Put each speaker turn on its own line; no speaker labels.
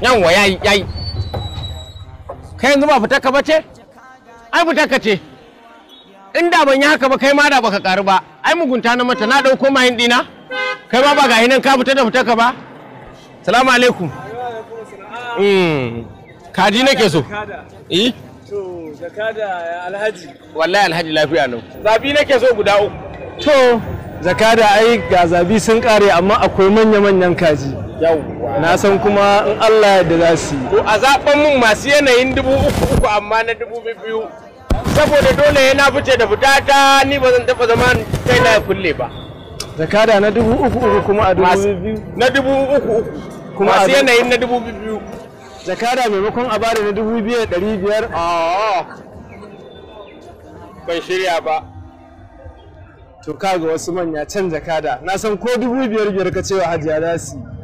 yi ya yi. Ka yanzu ba fita ka bace ai fita ka ce in da ban yi haka ba kai ma da baka karu ba ai mugunta na mata na dauko mayin dina kai ma ba ga hinan ka fita da fita ka ba salamu alaikum hmm. kaji nake so eh
to zakada alhaji
wallahi alhaji lafiya nan zabi nake so guda uku
to zakada ai ga zabi sun kare amma akwai manya-manyan kaji yawwa na san kuma in Allah da za su yi a zaɓen mun masu yanayin dubu uku uku
amma na dubu biyu saboda dole yana fice da fita ta ni ba zan taɓa zama kai na kulle ba
zakada na dubu uku uku kuma a dubu
biyu na dubu uku uku
kuma masu yanayin na
dubu biyu zakada maimakon a bada na dubu biyar ɗari biyar ban shirya ba
to kaga wasu manya can jakada na san ko dubu biyar biyar ka cewa hajiya za su yi.